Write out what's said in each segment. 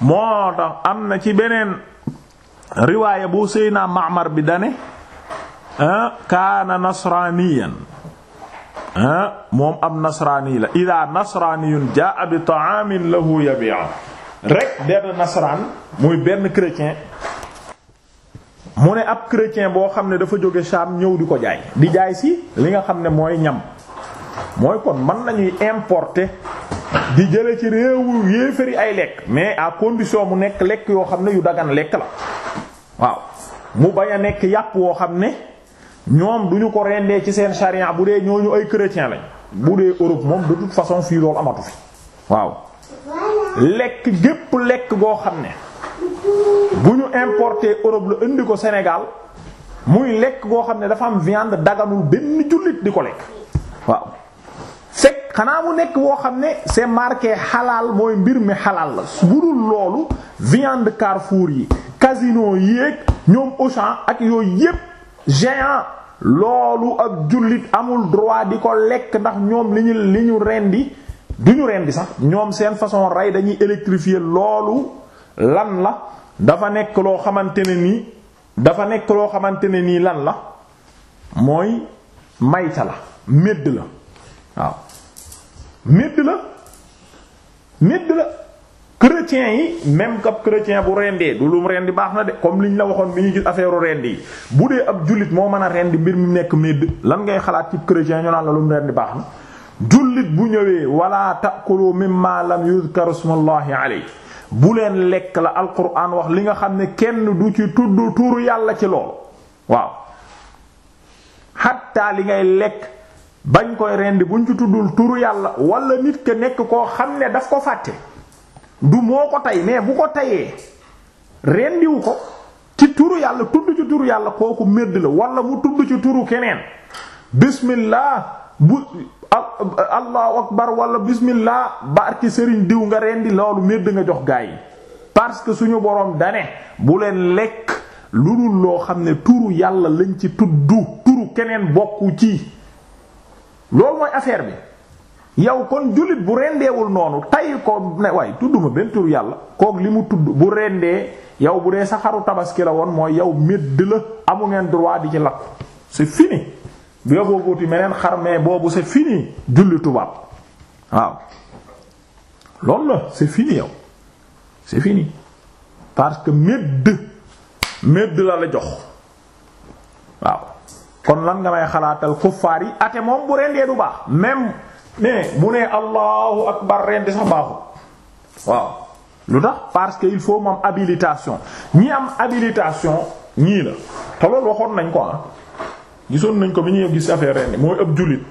moo tax am na ci beneen riwaaya bu seyna Ma'mar bi dane ah, kaana nasraaniyan ah, moom am nasraani la ida nasraaniyun jaa bi ta'aamin lahu yabi'a rek benn nasraan muy benn chrétien mu ne ab chrétien boo xam ne dafa jóge Sham ñëw di ko jaay di jaay si li nga xam ne mooy ñam mooy kon mën nañuy importer di jële ci réewu yéefari ay lekk mais à condition mu nekk lekk yoo xam ne yu dagan lekk la waaw mu bañ a nekk yàpp woo xam ne ñoom du ñu ko rendee ci seen charia bu dee ñooñu ay chrétien lañ bu dee Europe moom de toute façon fii loolu amatu fi waaw lekk gépp lekk goo xam ne bu ñu importer Europe la indi ko senegal muy lekk goo xam ne dafa am viande daganul benn jullit di ko lekk waaw xanaa mu nekk woo xam ne c'est marke xalaal mooy mbir mi xalaal la bu dul loolu viande Carrefour yi casino yéeg ñoom Auchan ak yooyu yépp géant loolu ak jullit amul droit di ko lekk ndax ñoom li ñu li ñu rendi du ñu rendi sax ñoom seen façon rey dañuy électrifier loolu lan la dafa nekk loo xamante ne nii dafa nekk loo xamante ne nii lan la mooy mayta la médd la waaw midd la midd la chrétien yi même kab chrétien bu rendee du lum rendi baax na de comme liñ la waxoon bi ñu gis affaire rendi yi bu dee ab jullit moo mën a rendi mbir mu nekk midd lan ngay xalaat ci chrétien ñu naan la lum rendi baax na jullit bu ñëwee wala ta'kulu mimma lam yuzkar ismullahi alayhi bu leen lekk la alquran wax li nga xam ne kenn du ci tudd tuuru yàlla ci loolu waaw hatta li ngay lekk bañ koy rendi buñ ci tuddul turu yàlla walla nit ke nekk koo xam ne daf ko fàtte du moo ko tey mais bu ko teyee rendiwu ko ci turu yàlla tudd ci turu yàlla kooku medd la wala mu tudd ci turu keneen bismillah bu allahu akbar wala bismillah barki sëriñ diw nga rendi loolu medd nga jox gaa yi parce que suñu borom dane bu leen lekk lu dul loo xam ne turu yàlla lañ ci tudd turu keneen bokku ci loolu mooy affaire bi yow kon jullit bu rendeewul noonu tay ko ne waay tudduma benn tur yàlla kook li mu tudd bu rendee yow bu dee sa xaru tabaski la woon mooy yow médd la amu ngeen droit di ci lakku c'est fini bu yow boo wuti meneen xar mais boobu c'est fini julli tubaab waaw loolu la c'est fini yow c'est fini parce que médd médd la la jox waaw kon lan nga may xalaatal kuffaar yi ate moom bu rendee du baax même mais mu ne allahu akbar rendi sax baaxul waaw lu tax parce que il faut mu am habilitation ñi am habilitation ñii la te waxoon nañ ko ah gisoon nañ ko bi ñuy gis affaire rendi mooy ëpp jullit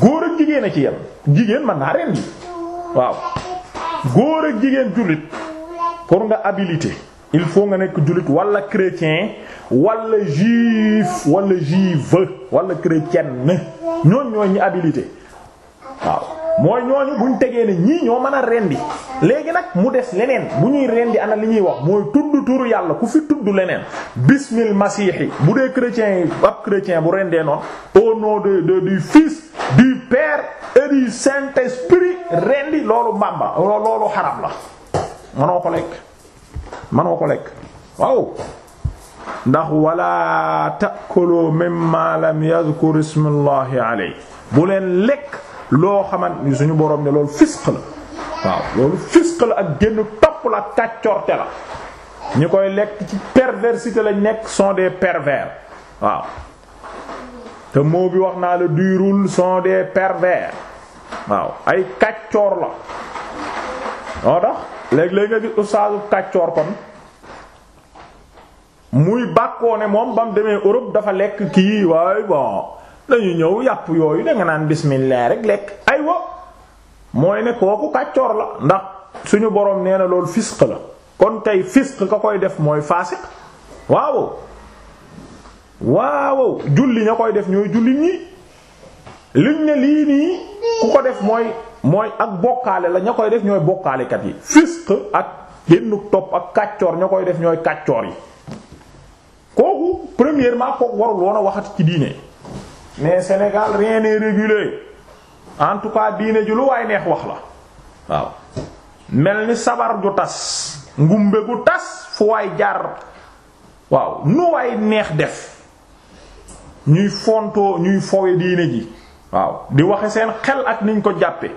góor ak jigéen a ci yem jigéen ma naa rendi waaw góor ak jigéen jullit pour nga habilité il faut nga nekk jullit walla chrétien wala juif wala juive wala chrétienne ñooñ ñooñ ñi habilité waaw mooy ñooñu buñ tegee ne ñii ñoo mën a rendi léegi nag mu des leneen bu ñuy rendi ana li ñuy wax mooy tudd turu yàlla ku fi tudd leneen bismil masiixi bu dee chrétien yi ab chrétien bu rendee noon au nom de de du fils du père et du saint esprit rendi loolu mbàmba loolu xaram la mënoo ko lekk manoo ko lekk waaw ndax wala ta'kulu mimma lam yadhkur ismullahi alayhi bu leen lekk loo xamante ni suñu borom ne loolu fisq la waaw loolu fisq la ak génn topp la kàccorte la ñi koy lekk ci perversité lañ nekk sont des pervers waaw te moo bi wax naa la duirul sont des pervers waaw ay kàccoor la moo tax léegi léeg nga gis ustaasu kàccoor kon muy bàkkoo ne moom ba demee Europe dafa lekk kii waaye bon dañu ñëw yàpp yooyu danga naan bismillah rek lekk aywa mooy ne kooku kàccoor la ndax suñu boroom nee na loolu fisk la kon tey fisq ka koy def mooy faasiq waaw waaw julli ña koy def ñooy julli ñi liñ ne lii nii ku ko def mooy mooy ak bokkaale la ña koy def ñooy bokkaalekat yi fisq ak génn topp ak kàccoor ña koy def ñooy kàccoor yi kooku premièrement kooku warul woon ci diine mais Sénégal rien régulé en tout cas diine ju lu waaye neex wax la waaw mel ni sabar ju tas ngumbe gu tas fu waay jaar waaw nu waay neex def ñuy fontoo ñuy fowe diine ji waaw di waxe seen xel ak niñ ko jàppe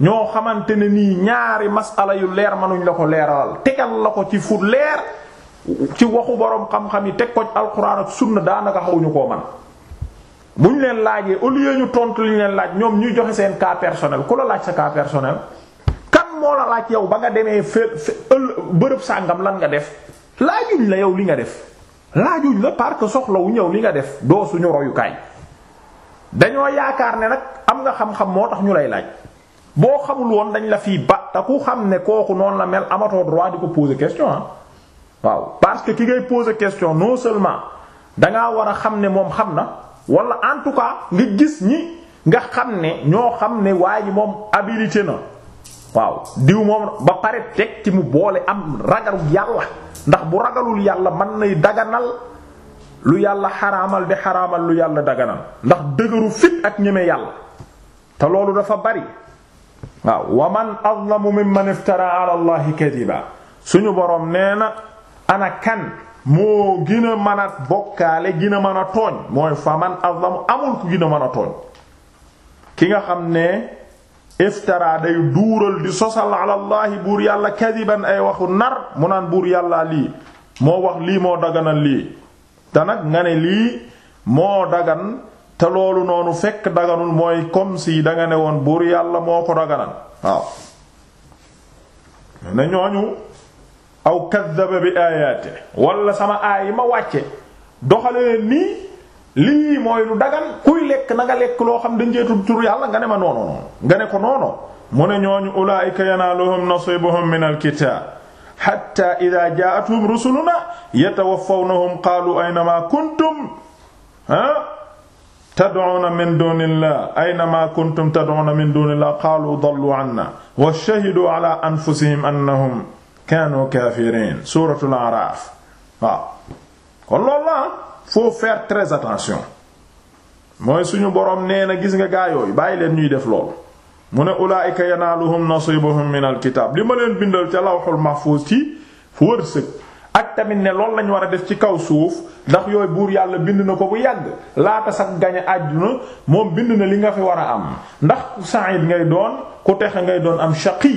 ñoo xamante ne nii ñaari masala yu leer manuñu la ko leeral tegal la ko ci fu leer ci waxu boroom xam-xam yi teg ko ci alxuraan ak sunna daanaka xawuñu ko man bu ñu leen laajee au lieu ñu tontu li ñu leen laaj ñoom ñuy joxe seen cas personnel ku la laaj sa cas personnel kan moo la laaj yow ba nga demee fé bërëb sàngam lan nga def laajuñ la yow li nga def laajuñ la parce que soxlawu ñëw li nga def doo suñu royukaay dañoo yaakaar ne nag am nga xam moo tax ñu lay laaj. boo xamul woon dañ la fii ba te ku xam ne kooku noonu la mel amatoo droit di ko poser question ah waaw parce que ki ngay poser question non seulement dangaa war a xam ne moom xam na wala en tout cas nga gis ñi nga xam ne ñoo xam ne waa ji moom habilité na waaw diw moom ba pare teg ci mu boole am ragalu yàlla ndax bu ragalul yàlla mën nay daganal lu yàlla xaramal bi xaraamal lu yàlla daganal ndax dëgëru fit ak ñeme yàlla te loolu dafa bari waaw wa man azlamu mimman iftara ala allahi kadiba suñu boroom nee na ana kan moo gën a mën a bokkaale gën a mën a tooñ mooy fa man azlamu amul ku gën a mën a tooñ ki nga xam ne iftara day duural di sosal ala allahi buur yàlla kadiban ay waxu nar mu naan buur yàlla lii moo wax lii moo daganal lii te nag nga ne lii moo dagan te loolu noonu fekk daganul mooy comme danga ne woon buur yàlla moo ko daganal waaw ne ñooñu aw kaddaba bi aayaate wala sama aay yi ma wàcce doxalee nii lii mooy lu dagan kuy lekk na nga lekk loo xam dañ jeetu tur yàlla nga ne ma noono noonu nga ne ko noono mu ne ñooñu ulaa'ika yanaaluhum nasiibuhum min alkitaab xatta ida jaa'athum rusuluna yatawaffawnahum qaalu aynamaa kuntum ha tad'una min dunillah aynama kuntum tad'una min dunillah qaalu dallu anna wa shahidu ala anfusihim annahum kaanu kaafiriin suuratul araaf kon loolu la faut faire très attention mooy suñu boroom nee na gis nga gaa yooyu bàyyi leen ñuy def lool mu ne ulaa'ika yanaaluhum nasiibuhum minal kitaab li ma leen bindal ca lawhul mahfuuz ci wërsëg ak tamit ne loolu lañ war a def ci kaw suuf ndax yooyu buur yàlla bind na ko bu yàgg laata sax gañe àdduna moom bind na li nga fi war a am ndax sa'id ngay doon ku texe ngay doon am shaqi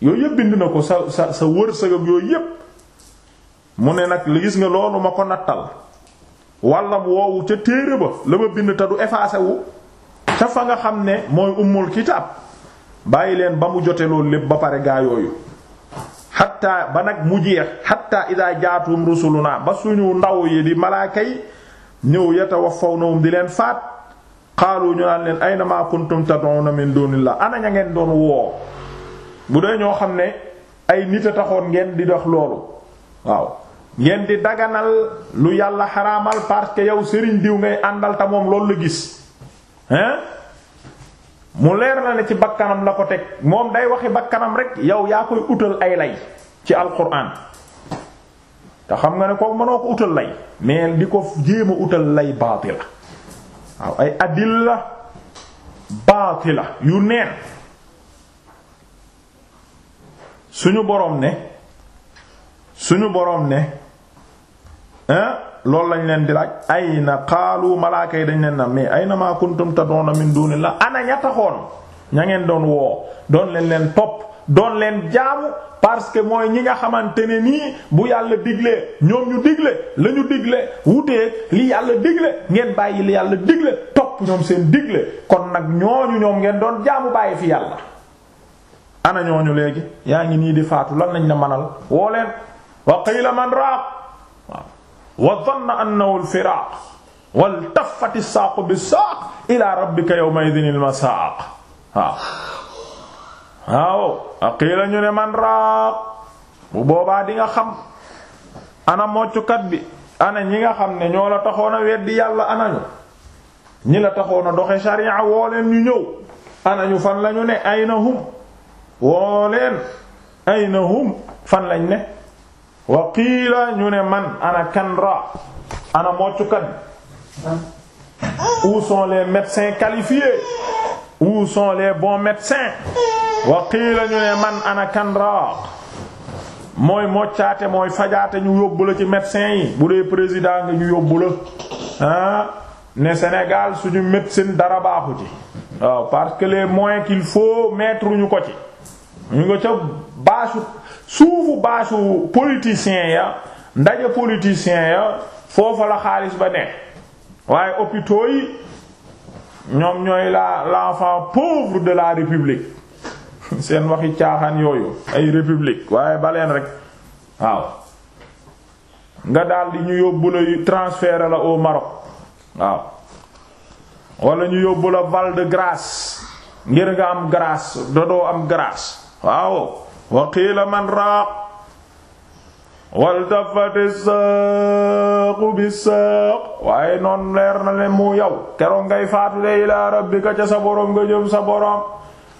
yooyu yëpp bind na ko sa sa sa wërsëg ak yooyu yëpp mu ne nag li gis nga loolu ma ko nattal walla woowu ca téere ba la ma bind te du effacé wu ca fa nga xam ne mooy ummul kitaab bàyyi leen ba mu jote loolu lépp ba pare gaa yooyu xatta ba nag mu jeex xatta ida jaatum naa ba suñu ndaw yi di malaaka yi ñëw yatawaffawnahum di leen faat xaalu ñu naan leen ayna ma kuntum tad'una min dunillah ana ña ngeen doon woo bu dee ñoo xam ne ay nit a taxoon ngeen di dox loolu waaw ngeen di daganal lu yàlla xaraamal parce que yow sëriñ diw ngay àndal ta moom loolu la gis hein mu leer na ne ci bakkanam la ko teg moom day waxi bakkanam rek yow yaa koy utal ay lay ci alquran te xam nga ne ko mënoo ko utal lay mais di ko jéem a utal lay baatila waaw ay adilla baatila yu neen suñu boroom ne suñu boroom ne loolu lañ leen di laaj ay na xaalu malaaka yi dañ leen na mais ay na maa kuntum taduna min dunillah ana ña taxoon ngeen doon woo doon leen leen topp doon leen jaamu parce que mooy ñi nga xamante ne nii bu yàlla diglee ñoom ñu digle la digle wutee li yàlla digle ngeen bàyyi li yàlla digle topp ñoom seen digle kon nag ñooñu ngeen doon jaamu bàyyi fi yàlla ana ñooñu léegi yaa ngi nii di faatu lan lañ la manal woo leen wa qila man raaq waaw wa dhanna annahu al-firaaq waltafati saaqu bisaaq ila rabbika yawma idhin al-masaaq waaw waaw aqiila ne man raaq bu boobaa di nga xam ana moccukat bi ana ñi nga xam ne ñoo la taxoon a weddi yàlla anañu ñi la taxoon a doxe sharia woo leen ñu ñëw ñu fan lañu ne aynahum woo leen aynahum fan lañ ne wa qiila ñu ne man ana kan ra ana moccukat où sont les médecins qualifiés où sont les bons médecins wa qiila ñu ne man ana kan ra mooy moccaate mooy fajaate ñu yóbbu la ci médecin yi bu dee président nga ñu yóbbu la ah ne Sénégal suñu médecine dara baaxu ci waaw parce que les moyens qu'il faut mettre ñu ko ci ñu nga ca baaxut suufu baasu politicien ya ndaje politicien ya foofa la xaalis ba ne waaye hôpitaux yi ñoom ñooy la l'enfant pauvre de la république seen waxi caaxaan yooyu ay république waaye baleen rek waaw nga daldi ñu yóbbu la transférer la au Maroc waaw wala ñu yóbbu la Val de Grâce ngir nga am grâce dodoo am grâce waaw wa qiila man raaq waltafati saaqu bi saaq waaye noon leer na ne mu yow keroog ngay faatu de ilaa rabbika ca sa boroom nga jëm sa boroom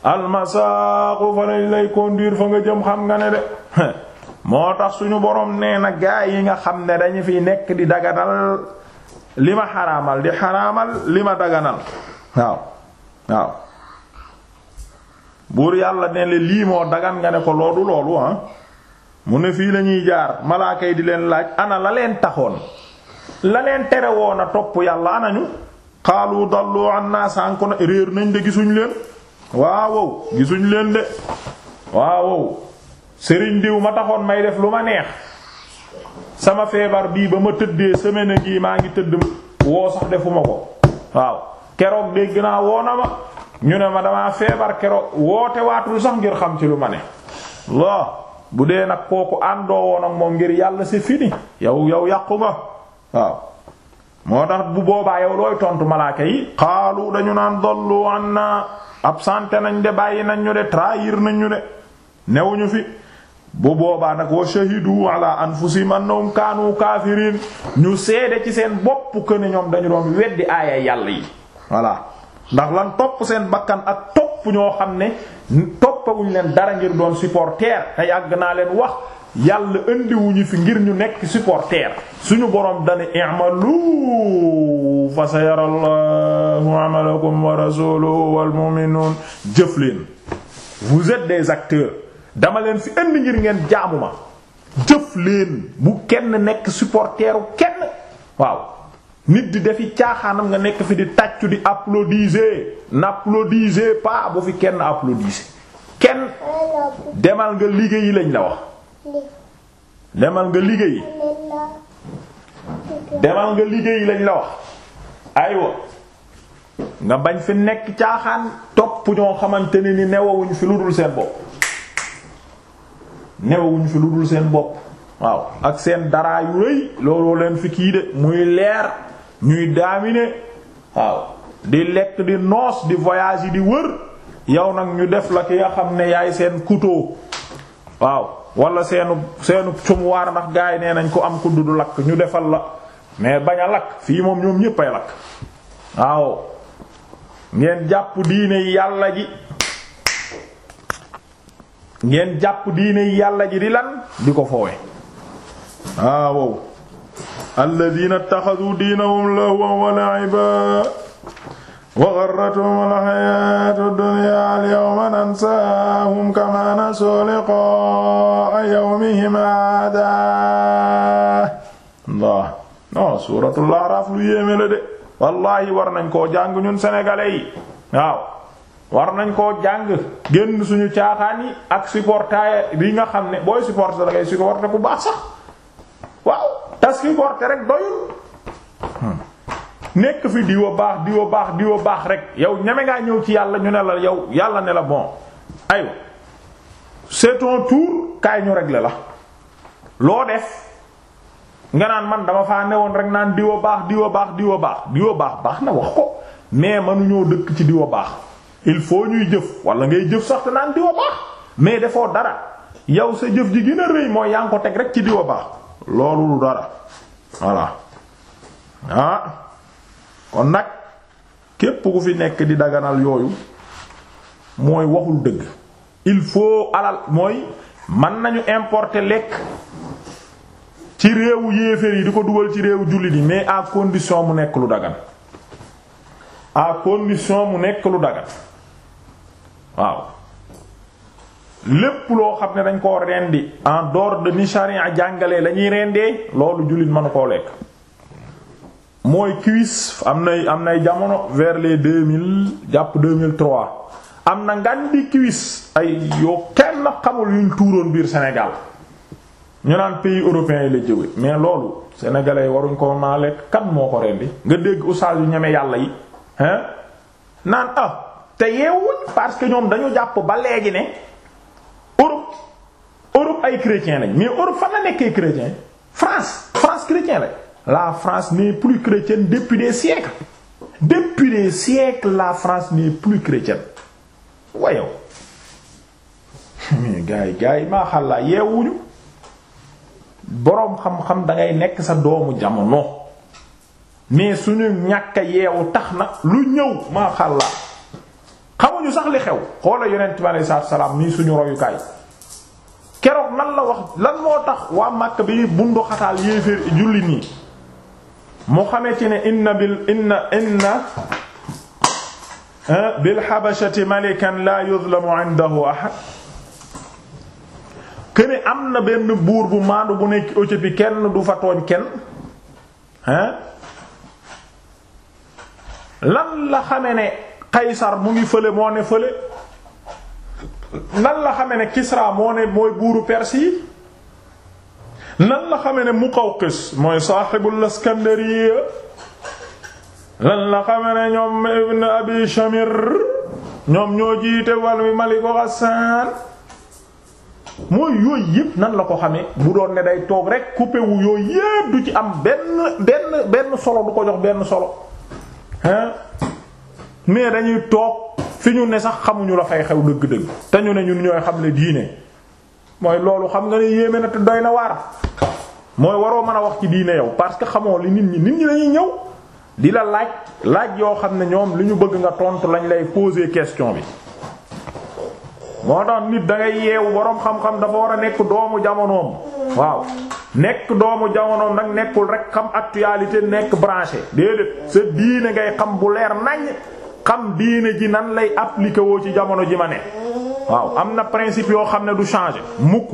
almasaaqu fa lañ lay conduire fa nga jëm xam nga ne de moo tax suñu boroom nee na gaa yi nga xam ne dañu fiy nekk di daganal li ma xaraamal di xaraamal li ma daganal waaw waaw buur yàlla ne la lii moo dagan nga ne ko loolu loolu ah. mu ne fii lañuy jaar malaaka yi di leen laaj ana la leen taxoon la leen tere woon a topp yàlla anañu xaalu dallu naa sànko na réer nañ de gisuñu leen waawow gisuñ leen de waawow sëriñ diw ma taxoon may def lu ma neex sama feebar bii ba ma tëddee semaine gii maa ngi tëdd woo sax defuma ko waaw keroog dégg naa woona ma ñu ne ma damaa feebar keroog woote waatul sax ngir xam ci lu ma ne loo bu dee nag kooku àndoo woon moom ngir yàlla si fini yow yow yàqu nga waaw moo tax bu boobaa yow looy tontu malaaka yi xaalu dañu naan dollu an na absenté nañ de bàyyi nañ ñu de trahir nañ de newuñu fi bu boobaa nag wa shahidu ala anfusihim annahum kaanu kaafiriin ñu seede ci seen bopp que ñoom dañu doon weddi aaya yàlla yi voilà ndax lan topp seen bakkan ak topp ñoo xam ne toppaguñ leen dara ngir doon supporter te yàgg naa leen wax yàlla indiwuñu fi ngir ñu nekk supporter suñu boroom dane i'malu fa sayara allahu amalakum wa rasuluhu wal mu'minun jëf leen vous êtes des acteurs dama leen fi indi ngir ngeen jaamu ma jëf leen bu kenn nekk supporteru kenn waaw nit di defi caaxaanam nga nekk fi di tàccu di applaudiser n'applaudisez pas bu fi kenn applaudiser kenn demal nga liggéeyi lañ la wax demal nga liggéeyi demal nga liggéeyi lañ la wax aywa nga bañ fi nekk caaxaan topp ñoo xamante ne ni newawuñ fi lu dul seen bopp newawuñ fi lu dul seen bopp waaw ak seen daraa yu rëy looloo leen fi kii de muy leer ñuy daamine waaw di lekk di noos di voyage yi di wër yow nag ñu def la ki nga xam ne yaay seen couteau waaw wala seenu seenu cumuwaar ndax gars yi nee nañ ko am ku dudu lakk ñu defal la mais bañ a lakk fii moom ñoom ñépp ay lakk waaw ngeen jàpp diine yàlla ji ngeen jàpp diine yàlla ji di lan di ko foowe waaw alladina ittaxadu diinahum lahwan wa la'iban wa gharratuhum alxayaatu dunya alyawma lu yéeme la de wallaahi war nañ koo jàng ñun sénégalais yi waaw war nañ koo jàng génn suñu caaxaan yi ak supporter bi nga xam ne booy supporter da ngay supporter bu baax sax. parce que gorte rek doyul hmm. nekk fi diwa baax diwa baax diwa baax rek yow ñeme ngaa ñëw ci yàlla ñu ne la yow yàlla ne la bon aywa c'est ton tour kaay ñu régler la loo def nga naan man dama ne woon rek naan diwa baax diwa baax diwa baax diwa baax baax na wax ko mais mënuñoo dëkk ci diwa baax il faut ñuy jëf wala ngay jëf sax te naan diwa baax mais defoo dara yow sa jëf ji gën a rëy mooy yaa ngi teg rek ci diwa baax loolu lu dara voilà ah kon nag képp ku fi nekk di daganal yooyu mooy waxul dëgg il faut alal mooy man nañu importe lekk ci réewu yéeféer yi di ko dugal ci réewu jullit yi mais à condition mu nekk lu dagan à condition mu nekk lu dagan waaw lépp loo xam ne dañ koo rendi en door de ni charia jàngalee la ñuy rendee loolu jullit manu koo lekk mooy cuisse am nay am nay jamono vers les deux mille jàpp deux mille trois am na ngan di ay yoo kenn xamul yuñ tuuroon biir senegal ñu naan pays européens yi la jëwe mais loolu yi waruñ ko naa lekk kan moo ko rendi nga dégg oustaz yu ñeme yàlla yi hein naan ah te yeewuñ parce que ñoom dañu jàpp ba léegi ne Europe Europe ay chrétien lañ mais Europe fan la nekkee chrétien France France chrétien la France n'est plus chrétienne depuis des siècles depuis des siècles la France n'est plus chrétienne wayow gars yi gars yi yeewuñu boroom xam-xam da nekk sa doomu jamono mais suñu ñàkk yeewu tax na lu ñëw maa xamuñu sax li xew xoola yonent bi aleyhi salaatu salaam nii suñu royukaay keroog lan la wax lan moo tax waa Makka bi bundu xataal yéeféer julli nii mu xamee ci ne inna bil inna inna ah, bil habashati malikan la yuzlamu indahu ahad këne am na benn buur bu maandu bu nekk Éthiopie kenn du fa tooñ kenn ah? lan la xame ne Qaysar mu ngi fële moo ne fële nan la xame ne Kisra moo ne mooy buuru Perse yi nan la xame ne Muqawqis mooy saaxibul Iskandariya lan la xame ne ñoom Ibn Abi Shamir ñoom ñoo jiite wàllu Malik Ghassan mooy yooyu yëpp nan la ko xamee bu doon ne day toog rek coupé wu yooyu yëpp du ci am benn benn benn solo du ko jox benn solo hein mais dañuy toog fi ñu ne sax xamuñu la fay xew dëgg-dëgg te ñu ne ñun ñooy xam ne diine mooy loolu xam nga ne yéeme na te doy na waar mooy waroo mën a wax ci diine yow parce que xamoo li nit ñi nit ñi dañuy ñëw di la laaj laaj yoo xam ne ñoom li ñu bëgg nga tontu lañ lay poser question bi. moo tax nit da ngay yeewu boroom xam-xam dafa war a nekk doomu jamonoom waaw nekk doomu jamonoom nag nekkul rek xam at actualité nekk branché déedéet sa diine ngay xam bu leer nañ. xam diine ji nan lay appliquer woo ci jamono ji ma ne waaw am na principe yoo xam ne du change mukk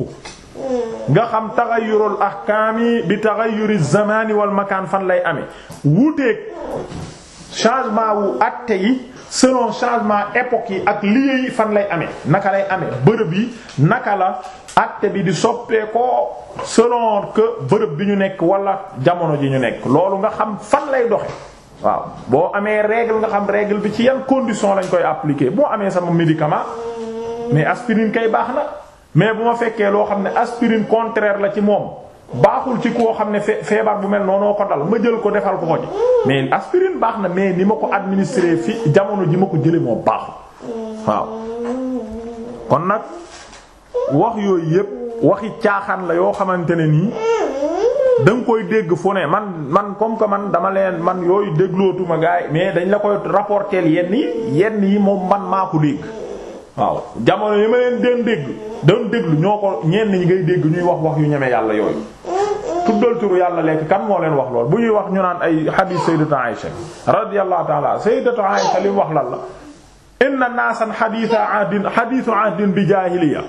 nga xam taxayurul ahkaami bi taxayuri zamani wal makaan fan lay ame wuuteeg changement wu atte yi selon changement époque yi ak lieu fan lay amee naka lay ame bërëb yi naka la atte bi di soppeekoo selon que bërëb bi ñu nekk wala jamono ji ñu nekk loolu nga xam fan lay doxe waaw boo amee règle nga xam regle bi ci yan condition lañ koy appliquer boo amee sama médicament mais aspirine kay baax na mais bu ma fekkee loo xam ne aspirine contraire la ci moom baaxul ci koo xam ne feebar bu mel noonoo ko dal ma jël ko defal ko ko ci mais aspirine baax na mais ni ma ko administrer fi jamono ji ma ko jële moo baaxul waaw kon nag wax yooyu yépp waxi caaxaan la yoo xamante ne nii da koy dégg fu ne man man comme que man dama leen man yooyu déglootuma gaay mais dañ la koy rapporter yenn yi yenn yi moom man maa ko dégg waaw jamono yi ma leen den dégg doon déglu ñoo ko ñenn ñi ngay dégg ñuy wax wax yu ñeme yàlla yooyu tuddal turu yàlla lekk kan moo leen wax lool bu ñuy wax ñu naan ay hadith sayyidatu Aisha radiyallahu ta'ala sayyidatu Aisha li wax lan la inna naasan xadiisa ahdin xadiisu ahdin bi jaahiliya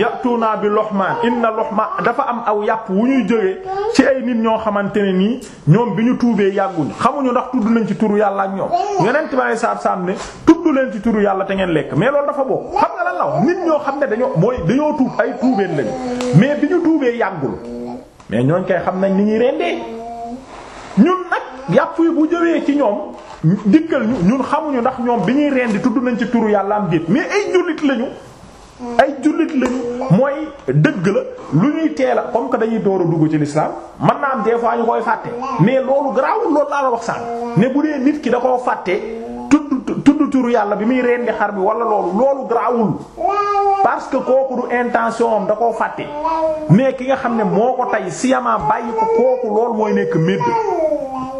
yatuna bi loxmaan inna loxmaan dafa am aw yàpp wu ñuy jógee ci ay nit ñoo xamante ne nii ñoom bi ñu tuubee yàgguñu xamuñu ndax tudd nañ ci turu yàlla ak ñoom yeneen tubaab yi saab saab ne tudd leen ci turu yàlla te ngeen lekk mais loolu dafa bokk xam nga la wax nit ñoo xam ne dañoo mooy dañoo tuub ay tuubeen lañu mais bi ñu tuubee yàggul mais ñooñ kay xam nañ ñi ñuy rendee ñun nag yàpp yi bu jëwee ci ñoom dikkal ñu ñun xamuñu ndax ñoom bi ñuy di tudd nañ ci turu yàlla am déet mais ay jullit lañu ay jullit lañu mooy dëgg la lu ñuy teel a comme que dañuy door a dugg ci l'islam man naa am des fois ñu koy fàtte mais loolu garaawul loolu laa la wax sànq ne bu dee nit ki da koo fàtte tudd tudd turu yàlla bi muy rendi xar bi wala loolu loolu garaawul parce que kooku du intention am da koo fàtte mais ki nga xam ne moo ko tey siyama bàyyi ko kooku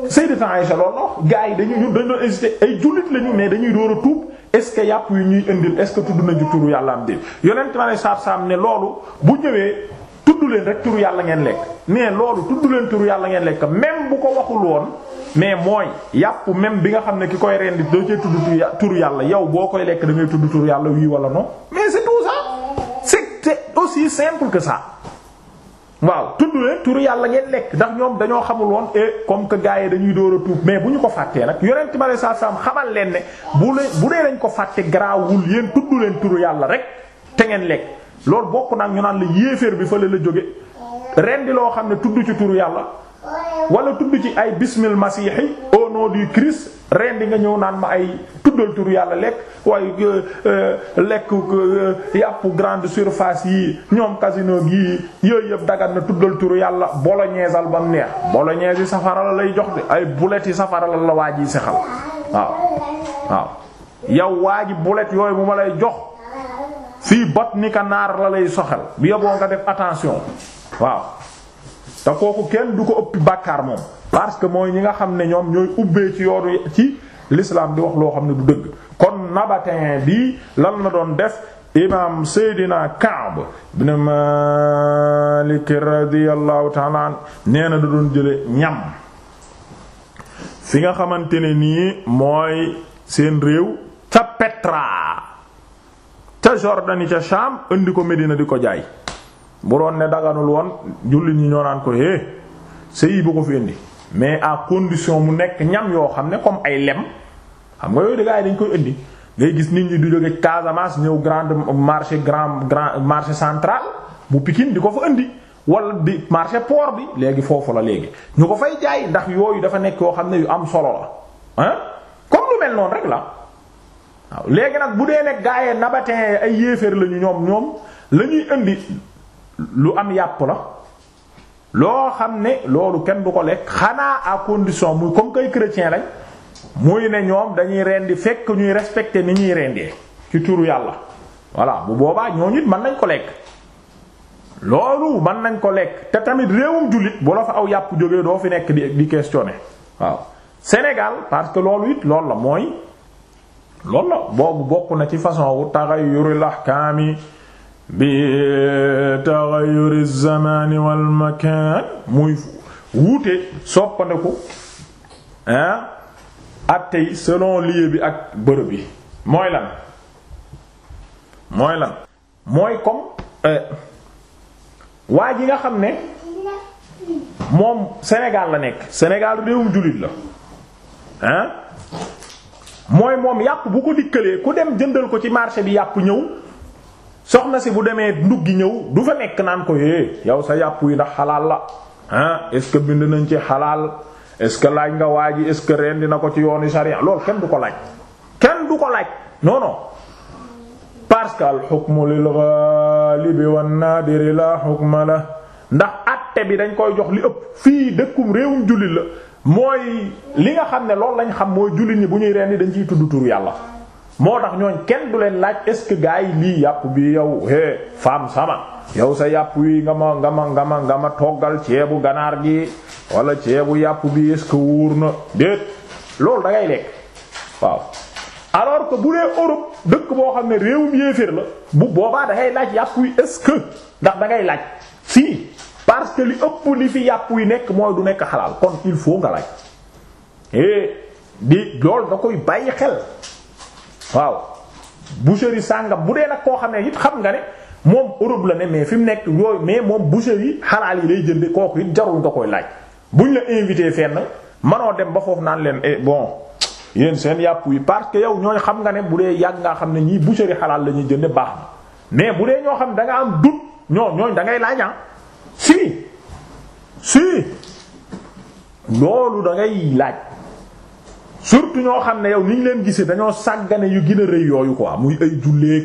Sayyidatu Aïsha loolu wax gaa yi dañuy dañu doon hésité ay jullit lañu mais dañuy door a tuub est-ce que yàpp yu ñuy indil est-ce que tudd nañu turu yàlla am déet yonent ma ne saab-saab ne loolu bu ñëwee tudd leen rek turu yàlla ngeen lekk mais loolu tudd leen turu yàlla ngeen lekk même bu ko waxul woon mais mooy yàpp même bi nga xam ne ki koy rendi doo cee tudd turu yàlla yow boo koy lekk da ngay tudd turu yàlla wii wala non mais c'est tout ça c'est aussi simple que ça waaw tudd leen turu yàlla ngeen lekk ndax ñoom dañoo xamul woon et comme que gaa yi dañuy door a tuub mais bu ñu ko fàttee nag yonent bi alayhi salaam xamal leen ne bu leen bu dee dañ ko fàtte garaawul yéen tudd leen turu yàlla rek te ngeen lekk loolu bokk naa ñu naan la yéeféer bi fële la jóge rendi loo xam ne tudd ci turu yàlla. wala tudd ci ay bismil masiixi au nom du Christ rendi nga ñëw naan ma ay tuddal tur yàlla lekk waaye euh, euh, lekk euh, yàpp grande surface yi ñoom casino gi yooyu yëpp dagat na tuddal tur yàlla bolognaise al ba mu neex bolognaise safara la lay jox de ay boulettes yi safara la la waa ji sexal waaw waaw yow waa ji boulettes yooyu mu ma lay jox fii bot ni ka la lay soxal bi yoboo nga def attention waaw te kooku kenn du ko ëppi bàkkaar moom parce que mooy ñi nga xam ne ñoom ñooy ubbee ci yoonu ci lislaam di wax loo xam ne du dëgg kon nabatin bi lan la doon def imam Seydina Kaab ibn Malik radiyallahu ta'ala nee na da doon jële ñam fi nga xamante ne nii mooy seen réew ca Petra ca Jordanie ca Sham indi ko Medina di ko jaay bu doon ne daganul woon jullit ñi ñoo naan ko eh sëy bu ko fi indi mais à condition mu nekk ñam yoo xam ne comme ay lem xam nga yooyu da gaa yi dañ koy indi ngay gis nit ñi du jóge Casamance ñëw grand marché grand grand marché central bu Pikine di ko fa indi wala bi marché port bi léegi foofu la léegi ñu ko fay jaay ndax yooyu dafa nekk yoo xam ne yu am solo la ah comme lu mel noonu rek la waaw léegi nag bu dee nekk gaa yee nabatin ay yéeféer lañu ñoom ñoom lañuy indi lu am yàpp la loo xam ne loolu kenn du ko lekk xanaa à condition muy comme kay chrétien lañ muy ne ñoom dañuy rendi fekk ñuy respecter ni ñuy rendee ci turu yàlla voilà bu boobaa ñooñu it mën nañ ko lekk loolu mën nañ ko lekk te tamit réewum jullit bu la fa aw yàpp jógee doo fi nekk di di questionner waaw Sénégal parce que loolu it loolu la mooy loolu la boobu bokk na ci façon wu taxayyurul ahkaami bi taxayuri zamani wal makan muy wuute soppandeku ak attey selon lieu bi ak bërëb bi mooy lan mooy lan mooy comme euh, waa ji nga xam ne moom Sénégal la nekk Sénégal réewum jullit la ah mooy moom yàpp bu ko dikkalee ku dem jëndal ko ci marché bi yàpp ñëw soxna si bu demee nduggi ñëw du fa nekk naan ko é yow sa yàpp wi ndax xalaal la ah est bind nañ ci xalaal est ce que laaj nga waa ji est ce que ren dina ko ci yoonu sharia loolu kenn du ko laaj kenn du ko laaj non non parce que al hukmu lil ghalibi wan nadiri la hukma la ndax atte bi dañ koy jox li ëpp fii dëkkum réewum jullit la mooy li nga xam ne loolu lañ xam mooy jullit ñi bu ñuy rendi dañ ciy tudd tur yàlla moo tax ñooñ kenn du leen laaj est-ce que gars yi lii yàpp bi yow hé femme sama yow sa yàpp wi nga ma nga ma nga ma nga ma toggal ceebu ganaar gi wala ceebu yàpp bi est wuur na déet loolu dangay ngay lekk waaw alors que bu dee Europe dëkk boo xam ne réewum yéeféer la bu boobaa dangay laaj yàpp wi est-ce que ndax da ngay laaj si parce que li ëpp li fi yàpp wi nekk mooy du nekk xalaal kon il faut nga laaj eh di loolu da koy bàyyi xel waaw boucherie sàngam bu dee nag koo xam ne it xam nga ne moom Europe la ne mais fi mu nekk yooyu mais moom boucherie xalaal yi lay jënd kooku it jarul nga koy laaj buñ la invité fenn manoo dem ba naan leen eh, bon seen yàpp yi parce que yow ñooy xam nga ne bu dee yàgg ngaa xam ne ñii boucherie xalaal la jënde baax na mais bu dee ñoo xam da nga am doute ñoo ñooñ da ngay laaj ah. si si loolu dangay laaj surtout ñoo xam ne yow ni ñu leen gisee dañoo sàggane yu gën rëy yooyu quoi muy ay julleek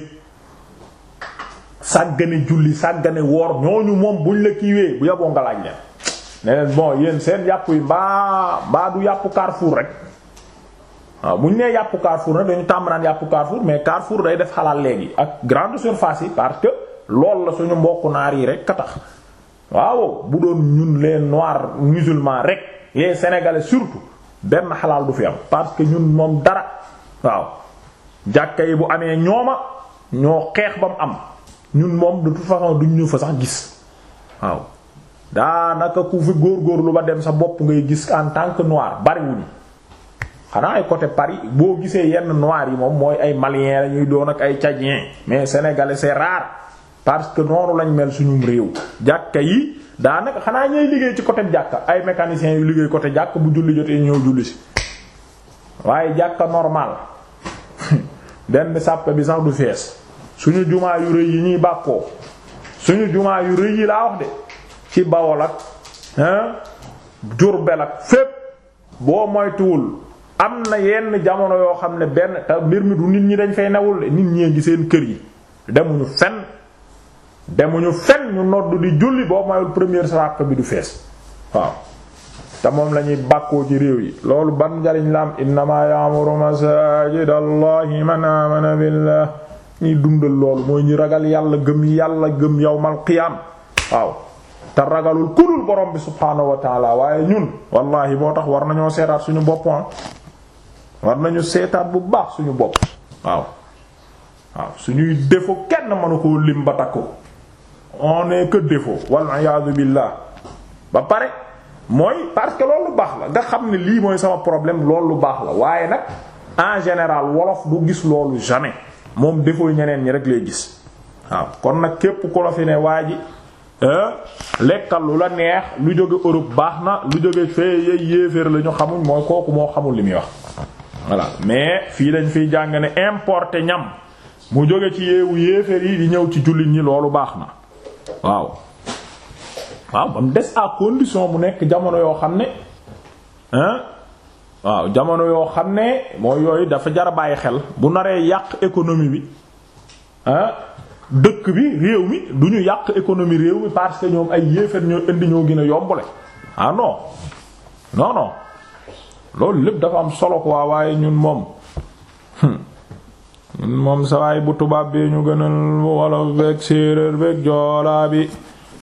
sàggane julli sàggane woor ñooñu moom buñ la kiiwee bu yaboo nga laaj leen ne bon yéen seen yàpp yi mbaa mbaa du yàpp Carrefour rek waaw bu ñu nee yàpp Carrefour nag dañu tàmm naan yàpp Carrefour mais Carrefour day def xalaat léegi ak grande surface yi parce que lool la suñu mbokk naar yi rek ka tax waaw bu doon ñun les noirs musulmans rek les sénégalais surtout benn xalaal du fi am parce que ñun moom dara waaw jàkka yi bu amee ñooma ñoo xeex ba mu am ñun moom de toute façon duñ ñu fa sax gis waaw daanaka ku fi lu ba dem sa bopp ngay gis en tant que noir bariwuñu xanaa ay côté Paris boo gisee yenn noir yi moom mooy ay maliens la ñuy doon ak ay tchadien mais sénégalais c'est rare parce que noonu lañu mel suñu réew jàkka yi daanaka xanaa ñooy liggéey ci côté jàkka ay mécaniciens yu liggéey côté jàkka bu julli jotee ñëw julli si waaye jàkka normal benn sàppe bi sax du fees suñu jumaa yu rëy yi ñuy bàkkoo suñu jumaa yu rëy yi laa wax de ci Bawol ak Jurbel ak fépp boo moytuwul am na yenn jamono yoo xam ne benn te mbir mi du nit ñi dañ fay newul de nit ñi ngi seen kër yi demuñu fenn demuñu fen ñu nodd di julli boo mayul première saraka bi du fees waaw te moom lañuy bàkkoo ci réew yi loolu ban njariñ la am innama ya'muru masajida allahi man amana billah ñuy dundal loolu mooy ñi ragal yàlla gëm yàlla gëm yawmal qiyaam waaw te ragalul kulul borom bi subhaanahu wa taala waaye ñun wallahi moo tax war nañoo seetaat suñu bopp ah. war nañu seetaat bu baax suñu bopp waaw waaw suñuy defo kenn mënu koo lim ba takku on est que défaut walla iyaadu billah ba pare mooy parce que loolu baax la nga xam ne lii mooy sama problème loolu baax la waaye nag en général wolof bu gis loolu jamais moom défaut ñeneen ñi rek lay gis waaw kon nag képp ku la fi ne waa ji lekkal lu la neex lu jóge Europe baax na lu jóge fee yey yéeféer la ñu xamuñ mooy kooku moo xamul li muy wax voilà mais fii dañ fiy jàng ne importer ñam mu jóge ci yeewu yéeféer yi di ñëw ci jullit ñi loolu baax na waaw waaw ba mu des à condition mu nekk jamono yoo xam ne hein waaw jamono yoo xam ne mooy yooyu dafa jar a bàyyi xel bu naree yàq économie bi hein dëkk bi réew mi du ñu yàq économie réew mi parce que ñoom ay yéefar ñoo indi ñoo gën a yombale ah non loolu lépp dafa am solo quoi waaye ñun moom. Hmm. moom sawaay bu tubaab bi ñu gënal wolof beeg séeréer beeg joolaa bi